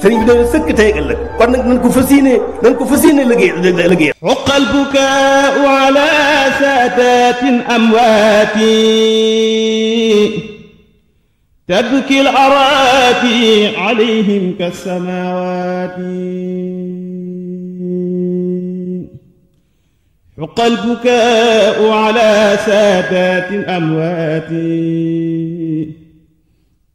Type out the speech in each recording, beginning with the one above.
sëriñ bi dana sëkk tey ak ëllëg kon nag nañ ko fas yéene nañ ko fas yéene liggéey liggéey uqa albukaau ala saadatin amwaati tabki al araati alayhim kasamawaati حق البكاء على سادات أمواتي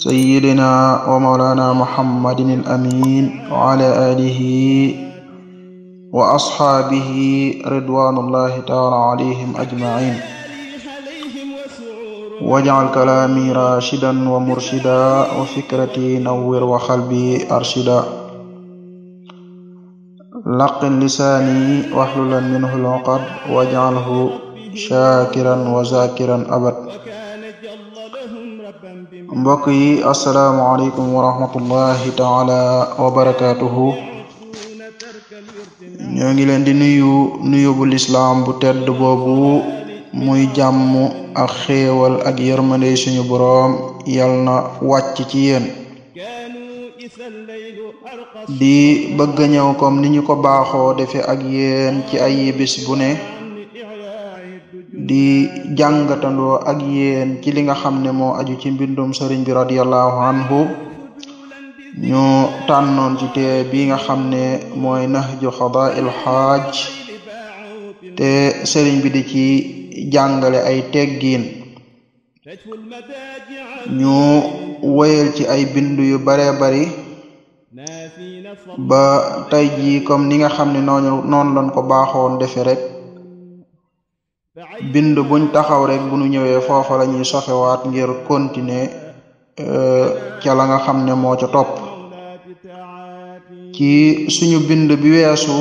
سيدنا ومولانا محمد الأمين وعلى آله وأصحابه رضوان الله تعالى عليهم أجمعين واجعل كلامي راشدا ومرشدا وفكرتي نور وقلبي أرشدا لقن لساني واحلل منه العقد واجعله شاكرا وذاكرا أبدا mbokk yi asalaamaaleykum wa rahmatullahi taala wa barakaatuhu ñoo ngi leen di nuyu nuyu bu lislaam bu tedd boobu muy jàmm ak xéewal ak yërmande suñu boroom yal na wàcc ci yéen di bëgg ñëw comme ni ñu ko baaxoo defe ak yéen ci ay bis bu ne di jàngatandoo ak yéen ci li nga xam ne moo aju ci mbindum sëriñ bi radiallahu anhu ñu tànnoon ci te bi nga xam ne mooy nahju xadail xaaj te sëriñ bi di ci jàngale ay teggiin ñu woyal ci ay bind yu baree bari ba tey jii comme ni nga xam ne noonu noonu ko baaxoon defe rek bind buñ taxaw rekk bu ñu ñëwee foofa lañuy ñuy sofewaat ngir continuer euh, ca la nga xam ne moo ca topp ci suñu bind bi weesu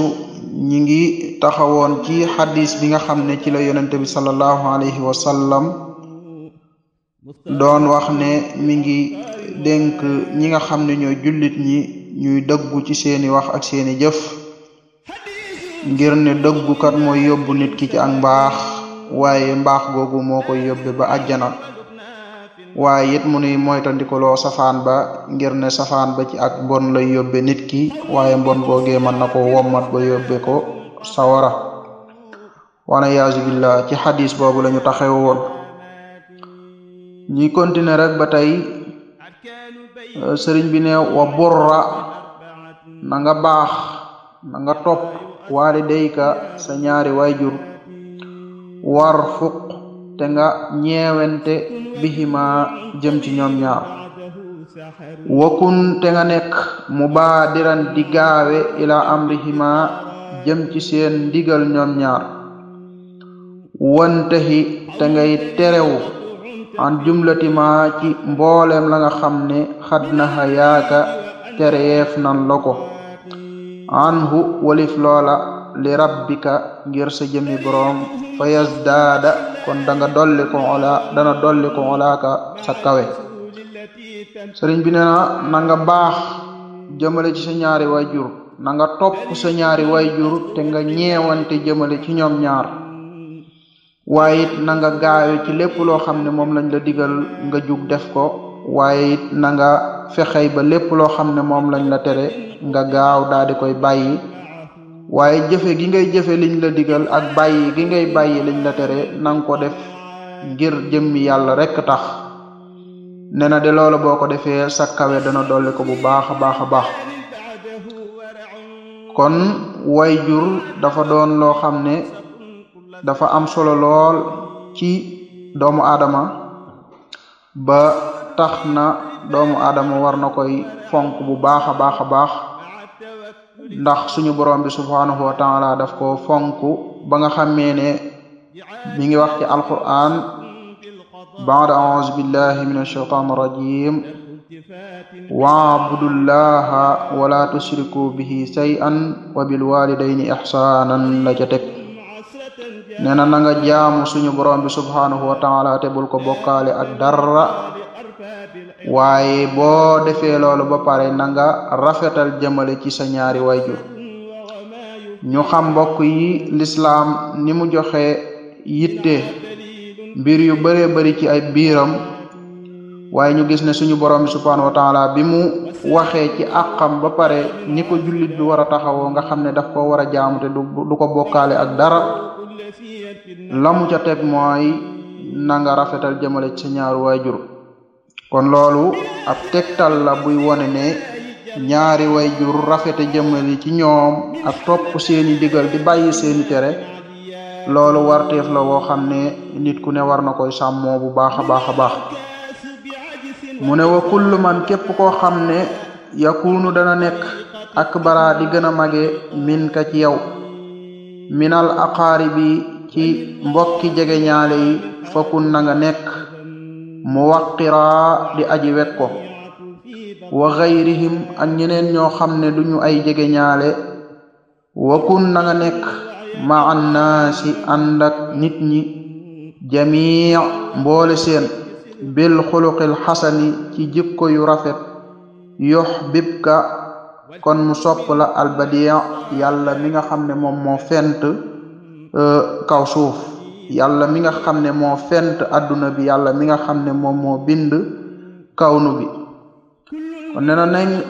ñi ngi taxawoon ci xadis bi nga xam ne ci la yonente bi sallallahu alayhi wa sallam doon wax ne mi ngi dénk ñi nga xam ne ñooy jullit ñi ñuy dëggu ci seeni wax ak seeni jëf ngir ne dëggukat mooy yóbbu nit ki ci ak mbaax waaye mbaax googu moo koy yóbbe ba àjjana waaye it mu nuy moytandikuloo safaan ba ngir ne safaan ba ci ak mbon lay yóbbe nit ki waaye mbon googee mën na ko wommat ba yóbbe ko sawara wana yaasu billah ci xadis boobu lañu taxew woon ñi continuer rek ba tey sëriñ bi ne wa burra na baax na nga topp waalidayka sa ñaari waajur warfuq te nga ñeewente bihima jëm ci ñoom ñaar wakun te nga nekk mubaadiran di gaawe ila amrihima jëm ci seen ndigal ñoom ñaar wantahi te ngay terew an jumlatima ci mbooleem la nga xam ne xadna naxa yaaka tereyeef nan la ko anhu walif loola li rabbika ngir sa jëmi boroom fa daada kon danga dolli ko ola dana dolli ko olaaka sa kawe sëriñ bi na nanga baax jëmale ci sa ñaari way jur nanga nga topp sa ñaari way jur te nga ñeewante jëmale ci ñoom ñaar waaye nanga na ci lépp loo xam ne moom lañ la digal nga jug def ko waaye nanga na ba lépp loo xam ne moom lañ la tere nga gaaw daal di koy bàyyi waaye jëfe gi ngay jëfe liñ la diggal ak bàyyi gi ngay bàyyi liñ la tere nanga ko def ngir jëmmi yàlla rekk tax ne na de loola boo ko defee sa kawe dana dolli ko bu baax a baax a baax kon way jur dafa doon loo xam ne dafa am solo lool ci doomu aadama ba tax na doomu aadama war na koy fonk bu baax a baax a baax ndax suñu borom bi subhanahu wa taala daf koo fonk ba nga xamee ne mi ngi wax ci alquran baada auzu billahi min ashaitan rajim waabudullaha wala tushriku bihi shay'an wa bilwalidayni ihsanan la ca teg nee na na nga jaamu suñu borom bi subhanahu wa taala te bul ko bokkaale ak dara waaye boo defee loolu ba pare nanga rafetal jëmale ci sa ñaari wayjur ñu xam mbokk yi lislaam ni mu joxe yitte mbir yu bare bari ci ay biiram waaye ñu gis ne suñu borom bi subhanahu wa bi mu waxee ci àqam ba pare ni ko jullit bi war a taxawoo nga xam ne daf ko war a jaamu te du ko bokkaale ak dara lamu ca teg mooy na nga rafetal jëmale ci sa ñaari wayjur kon loolu ab tektal la buy wone ne ñaari way jur rafet rafete jëmali ci ñoom ak topp seeni digal di bàyyi seeni tere loolu warteef la woo xam ne nit ku ne war na koy sàmmoo bu baax a baax a baax mu ne wa kullu képp koo xam ne yakunu dana nekk ak bara di gën a mage min ka ci yow minal aqaari bi ci mbokki jege ñaale yi fakun na nga nekk mu waqira di aji wet ko wa gayrihim ak ñeneen ñoo xam ne duñu ay jege ñaale wa kun na nga nekk maa naasi ànd ak nit ñi jamii mboole seen bil xuluqil xasani ci jikko yu rafet yox bibka kon mu sop la albadiya yàlla mi nga xam ne moom moo fent euh, kaw suuf yàlla mi nga xam ne moo fent àdduna bi yàlla mi nga xam ne moom moo bind kawnu bi kon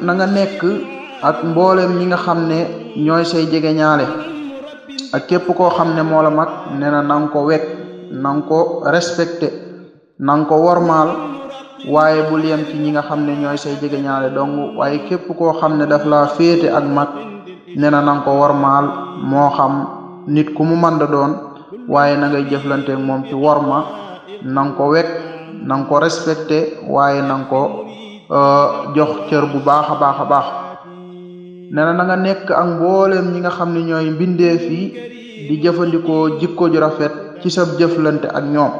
nanga nekk ak mboolem ñi nga xam ne ñooy say jege ñaale ak képp koo xam ne moo la mag nee na na nga ko wekk na nga respecté na ko wormaal waaye bul yem ci ñi nga xam ne ñooy say jege ñaale dong waaye képp koo xam ne daf la féete ak mag nee na ko wormaal moo xam nit ku mu mën doon waaye na ngay jëflante moom ci worma na ko wekk na nga ko respecté waaye na nga ko euh, jox cër bu baax a baax a baax nee na na nekk ak mbooleem mi nga xam ne ñooy mbindeef yi di jëfandikoo jikko ju rafet ci sa jëflante ak ñoom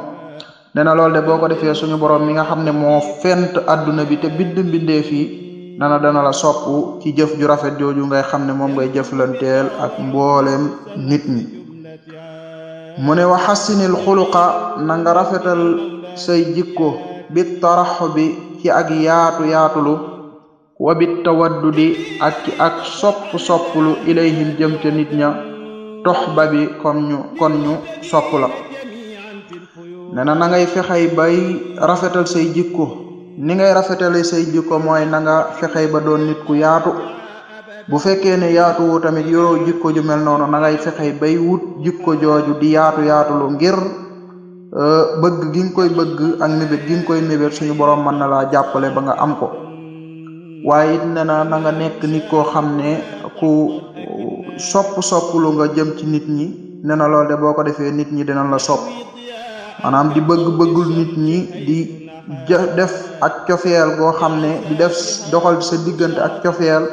nee na loolu de boo ko defee suñu borom mi nga xam ne moo fent adduna bi te bind mbindeef yi nana dana la sopp ci jëf ju rafet jooju ngay xam ne moom ngay jëflanteel ak mbooleem nit ñi mu ne wa xassinil xuluqa na nga rafetal say jikko bit taraxu bi ci ak yaatu yaatulu wa bit tawaddudi ak ci ak sopp soppulu ilayhim jëm ca nit ña tox ba bi kon ñu kon ñu sopp la nee na na ngay fexey bay rafetal say jikko ni ngay rafetale say jikko mooy na nga fexey ba doon nit ku yaatu bu fekkee ne yaatuwu tamit yoroo jikko ju mel noonu na ngay bay wut jikko jooju di yaatu yaatulu ngir euh, bëgg gi koy bëgg ak mébét gi koy mébét suñu borom mën na laa jàppale ba nga am ko waaye it ne na nekk nit koo xam ne ku sopp-sopp lu nga jëm ci nit ñi ne na loolu de boo ko defee nit ñi dinañ la sopp maanaam di bëgg-bëggul nit ñi di def ak cofeel goo xam ne di def doxal sa diggante ak cofeel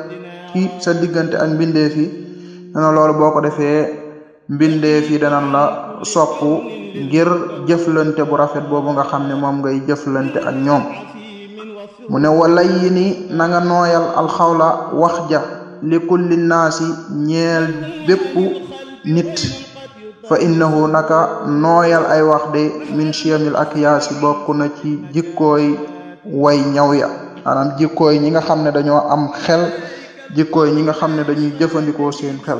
sa diggante ak mbindeef yi dana loolu boo ko defee mbindeef yi danañ la sopp ngir jëflante bu rafet boobu nga xam ne moom ngay jëflante ak ñoom mu ne wala yi ni na nga nooyal alxawla wax ja li kulli naasi ñeel bépp nit fa innahu naka nooyal ay wax de min chiyamil ak yaasi bokk na ci jikkooy way ñaw ya jikkooy ñi nga xam ne dañoo am xel jikkooy ñi nga xam ne dañuy jëfandikoo seen xel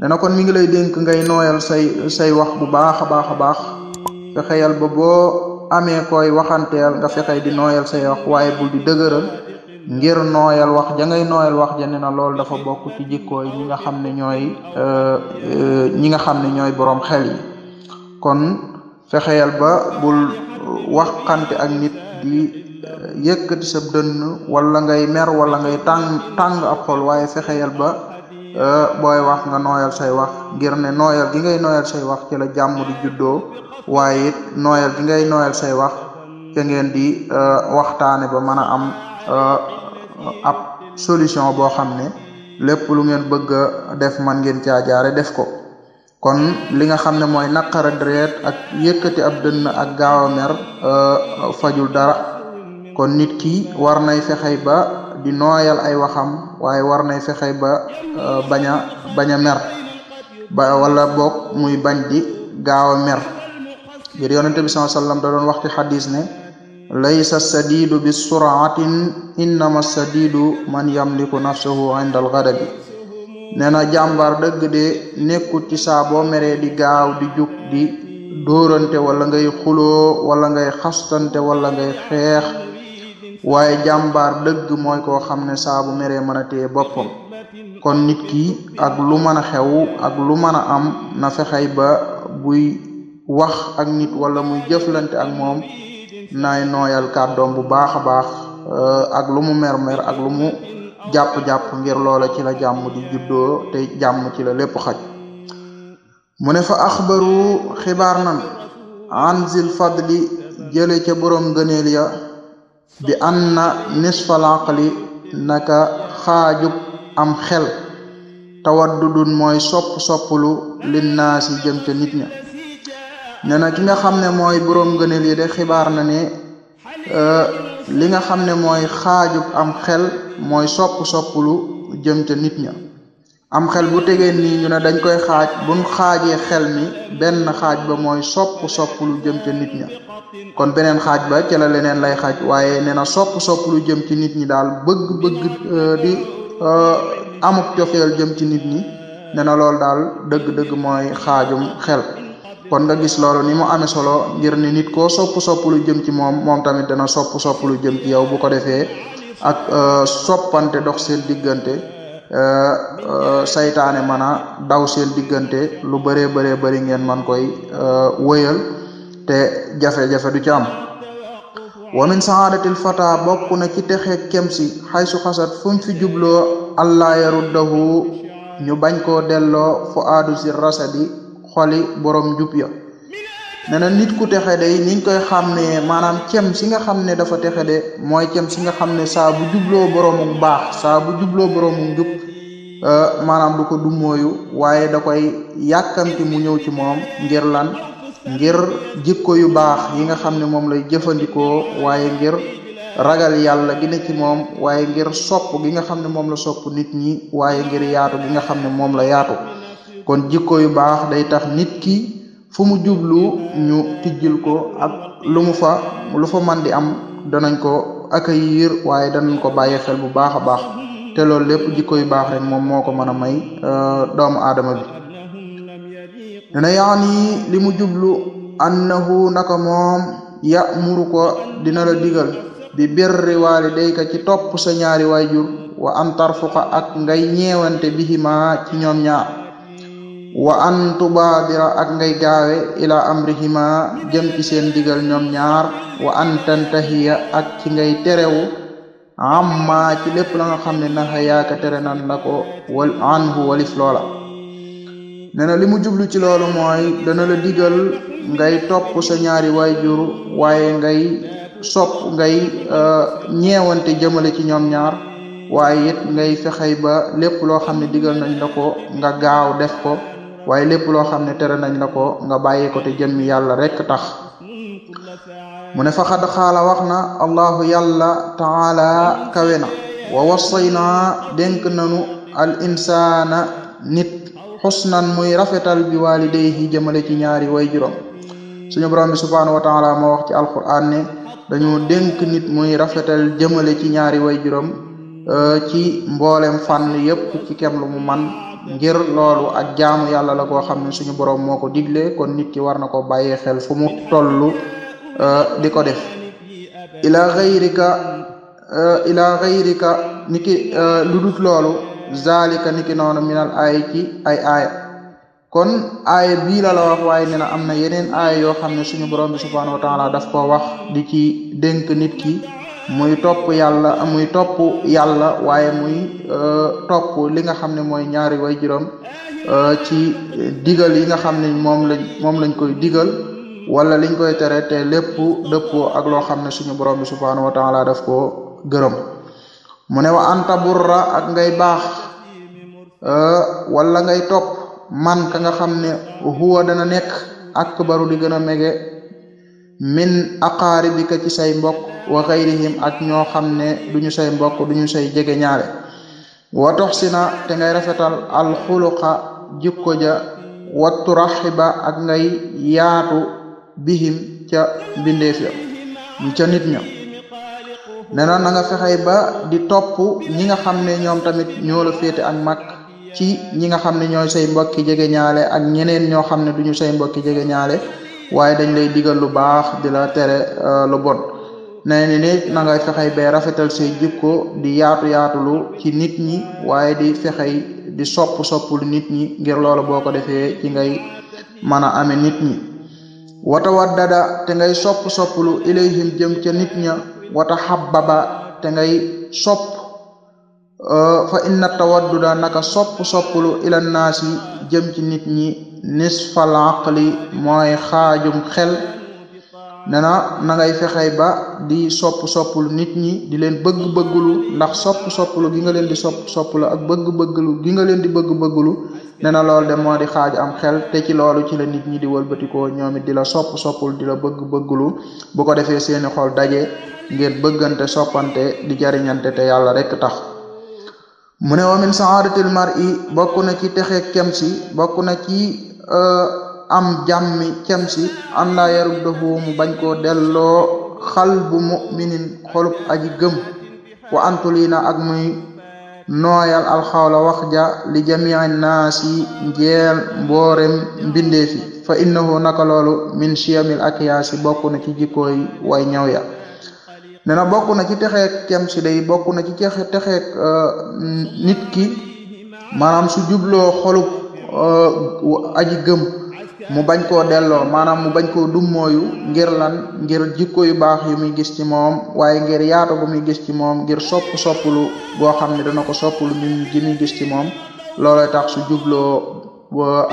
dana kon mu ngi lay dénk ngay nooyal say say wax bu baax a baax a baax fexeyal ba boo amee koy waxanteel nga fexey di nooyal say wax waaye bul di dëgëral ngir nooyal wax ja ngay nooyal wax ja ne na loolu dafa bokk ci jikkooy ñi nga xam ne ñooy euh, ñi nga xam ne ñooy boroom xel yi kon fexeyal ba bul waxante ak nit di eh, yëkkati sa dënn walla ngay mer wala ngay tàng tàng ab xol waaye fexeyal ba eh, booy wax nga nooyal say wax ngir ne nooyal gi ngay nooyal say wax ci la jàmm di juddoo waaye it nooyal ngay nooyal say wax ca ngeen di eh, waxtaane ba mën a am ab solution boo xam ne lépp lu ngeen bëgg a def man ngeen caa jaare def ko kon li nga xam ne mooy naqara deret ak yëkkati ab dënn ak gaaw a mer euh, fajul dara kon nit ki war nay fexey ba di nooyal ay waxam waaye war nay fexey ba euh, bañ a bañ a ba wala boog muy bañ di gaaw a mer ngir yonente bi sallallahu alayhi wasallam da doon wax ci ne laysa sadiidu bi suraatin innama sadiidu man yamliku nafsahu inda al ghadabi nee na jàmbaar dëgg de nekkut ci saa boo meree di gaaw di jug di dóorante wala ngay xuloo wala ngay xastante wala ngay xeex waaye jàmbaar dëgg mooy koo xam ne saabu bu meree mën a téye kon nit ki ak lu mën a xew ak lu mën a am na fexey ba buy wax ak nit wala muy jëflante ak moom nay noyal kàddoom bu baax a baax euh, ak lu mu mer mer ak lu mu jàpp-jàpp ngir loola ci la jàmm di juddoo te jàmm ci la lépp xaj mu ne fa axbaru xibaar nan anzil fadli jële ca boroom gëneel ya bi anna nisfal aqli naka xaajub am xel tawaddudun mooy sopp sopplu linnaasi jëm ca nit ña ne na ki nga xam ne mooy boroom gëneel yi de xibaar na ne euh, li nga xam ne mooy xaaju am xel mooy sopp soppulu jëm ca nit ña am xel bu tegee nii ñu ne dañ koy xaaj buñ xaajee xel mi benn xaaj ba mooy sopp soppulu jëm ca nit ña kon beneen xaaj ba ca la leneen lay xaaj waaye nee na sopp soppulu jëm ci nit ñi daal bëgg bëgg euh, di euh, amuk cofeel jëm ci nit ñi nee na loolu daal dëgg-dëgg mooy xaajum xel kon nga gis loolu ni mu amee solo ngir ni nit koo sopp sopp lu jëm ci moom moom tamit dana sopp sopp lu jëm ci yow bu ko defee ak euh, soppante dox seen diggante euh, euh, saytaane mana daw seen diggante lu bëree bëree bëri ngeen man koy wëyal te jafe-jafe du ci am wa min saadatil fata bokk na ci texe kem si xay su xasat fuñ fi jubloo allah yaruddahu ñu bañ koo delloo fu aadu si rasadi xoli borom jub ya nit ku texe de ni ñu koy xam maanaam cem si nga xam ne dafa texe de mooy cem si nga xam ne saa bu boroomu baax saa bu jubloo boroomu njub euh, maanaam du ko dummóoyu waaye da koy yàkkamti mu ñëw ci moom ngir lan ngir jikko yu baax yi nga xam ne moom lay jëfandikoo waaye ngir ragal yàlla gi ne ci moom waaye ngir sopp gi nga xam ne moom la sopp nit ñi waaye ngir yaatu gi nga xam ne moom la yaatu kon jikko yu baax day tax nit ki fu mu jublu ñu tijjil ko ak lu mu fa lu fa man di am danañ ko accueillir waaye danañ ko bàyyi xel bu baax a baax te loolu lépp jikko yu baax rek moom moo ko mën a may euh, doomu aadama bi dana yaani li mu jublu annahu naka moom ya muru ko dina la digal bi birri waalidayka ci topp sa ñaari waajur wa an tarfuqa ak ngay ñewante bihima ci ñoom ñaar wa an tubaadira ak ngay gaawe ila amrihima jëm ci seen digal ñoom ñaar wa an tantahiya ak ci ngay terewu amma ci lépp la nga xam ne naxa yaaka tere nan la ko wal anhu walif loola nee na li mu jublu ci loolu mooy dana la digal ngay topp sa ñaari jur waaye ngay sopp ngay euh, ñewante jëmale ci ñoom ñaar waaye it ngay fexey ba lépp loo xam ne digal nañ la ko nga gaaw def ko waaye lépp loo xam ne tere nañ la ko nga bàyyi ko te mi yàlla rek tax mu ne faxad xaala wax na allahu yàlla taala kawe na wa na dénk nanu al insaana nit xusnan muy rafetal bi walidayhi jëmale ci ñaari way juróom suñu borom bi subhaanahu wa taala moo wax ci alquran ne dénk nit muy rafetal jëmale ci ñaari way juróom euh, ci mboolem fànn yépp ci kem lu mu man ngir loolu ak jaamu yàlla la koo xam ne suñu borom moo ko digle kon nit ki war na ko bàyyi xel fu mu tollu eh, di ko def ila xayrika eh, ila xayrika niki eh, lu dut loolu zalika niki noonu minal ay ci ay aaya kon aaya bii la wax waaye nee na am na yeneen aaya yoo xam ne suñu borom bi subhanahu wa taala daf ko wax di ci dénk nit ki muy topp yàlla muy topp yàlla waaye muy euh, topp li nga xam ne mooy ñaari way juróom euh, ci digal yi nga xam ne moom lañ moom lañ koy digal wala liñ koy tere te lépp dëppoo ak loo xam ne suñu borom bi subhaanahu wa laa def ko gërëm mu ne wa anta burra ak ngay baax euh, wala ngay topp man ka nga xam ne huwa dana nekk akbaru di gën a mege min aqaaribika ci say mbokk wa xayrihim ak ñoo xam ne duñu say mbokk duñu say jege ñaare wa toxsina te ngay rafetal alxuluqa jikko ja wa turaxiba ak ngay yaatu bihim ca mbindeef ya ca nit ña nee na na nga fexey ba di topp ñi nga xam ne ñoom tamit ñoo la ak mag ci ñi nga xam ne ñooy say mbokki jege ñaale ak ñeneen ñoo xam ne duñu say mbokki jege ñaale waaye dañ lay digal lu baax di la tere euh, lu bon na ne ne na fexey bay rafetal say jikko di yaatu yaatulu ci nit ñi waaye di fexey di sop soppulu nit ñi ngir loolu boo ko defee ci ngay mën a nit ñi wata waddada te ngay sopp soppulu ilayhim jëm ca nit ña wata xabbaba te ngay sop euh, fa inna tawadduda naka sopp soppulu ila naasi jëm ci nit ñi nisfal aqli mooy xaajum xel nee na na ngay fexey ba di sopp soppul nit ñi di leen bëgg-bëgglu ndax sopp sopplu gi nga leen di sopp sopplu ak bëgg bëggulu gi nga leen di bëgg bëggulu nee na loolu de moo di xaaj am xel te ci loolu ci la nit ñi di walbatikoo ñoom it di la sopp sopplu di la bëgg bëggulu bu ko defee seeni xol daje ngeen bëggante soppante di jariñante te yàlla rekk tax mu ne wamin saadatil mar i bokk na ci texe kem si bokk na ci euh, am jàmmi cem si an laa mu bañ koo delloo xal bu muminin xolub aji gëm wa antulina ak muy nooyal alxawla wax ja li jamii naas yi njeel mboorem mbindee fi fa innahu naka loolu min ak akiyaasi bokk na ci jikkooy way ñaw ya ne na bokk na ci texeek cem si day bokk na ci texe texeek euh, nit ki maanaam su jubloo xolub euh, aji gëm mu bañ koo delloo maanaam mu bañ koo mooyu ngir lan ngir jikko yu baax yu muy gis ci moom waaye ngir yaatu bu muy gis ci moom ngir sopp soppulu boo xam ne dana ko soppulu ñun gi muy gis ci moom looloo tax su jubloo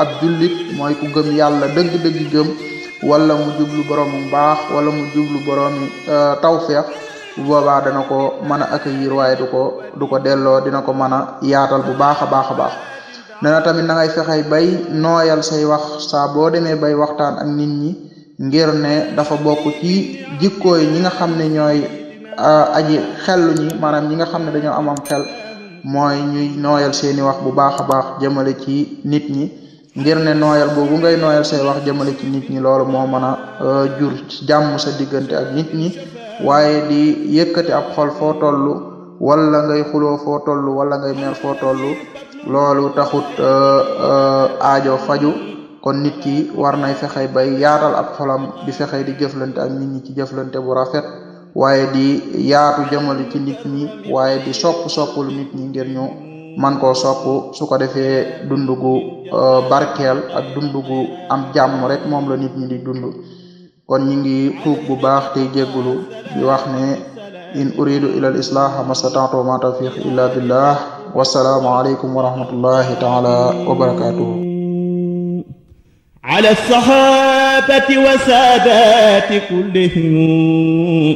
ab jullit mooy ku gëm yàlla dëgg-dëgg gëm walla mu jublu mu baax wala mu jublu boroomi euh, taw bu boobaa dana ko mën a accueillir waaye du ko du ko delloo dina ko mën a yaatal bu baax a baax a baax nena tamit na ngay fexey bay nooyal say wax saa boo demee bay waxtaan ak nit ñi ngir ne dafa bokk ci jikkooy ñi nga xam ne ñooy aji xellu ñi maanaam ñi nga xam ne dañoo am am xel mooy ñuy nooyal seeni wax bu baax a baax jëmale ci nit ñi ngir ne nooyal boobu ngay nooyal say wax jëmale ci nit ñi lool moo mën a jur jàmm sa diggante ak nit ñi waaye di yëkkati ab xol foo toll wala ngay xuloo foo toll wala ngay mer foo toll loolu taxut euh, euh, ajo faju kon nit ki war nay fexe ba yaatal ab xolam di fexe di jëflante ak nit ñi ci jëflante bu rafet waaye di yaatu jëmale ci nit ñi waaye di sopp soppul nit ñi ngir ñu man koo sopp su ko defee dund gu euh, barkeel ak dund gu am jàmm rek moom la nit ñi di dund kon ñi ngi tuub bu baax tey jéggulu di wax ne in uridu ila al islaha ma stata'tu ma tawfiq illa billah wasalaamualeykum wa rahmatullahi taala wa barakaatuhu ala sahabati wa saadati kullihim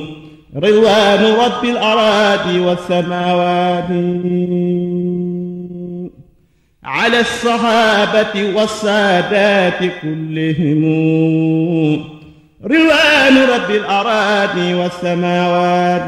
ridwaanu rabbil araadi wa samaawaati ala sahabati wa saadati kullihim رضوان رب الأراضي والسماوات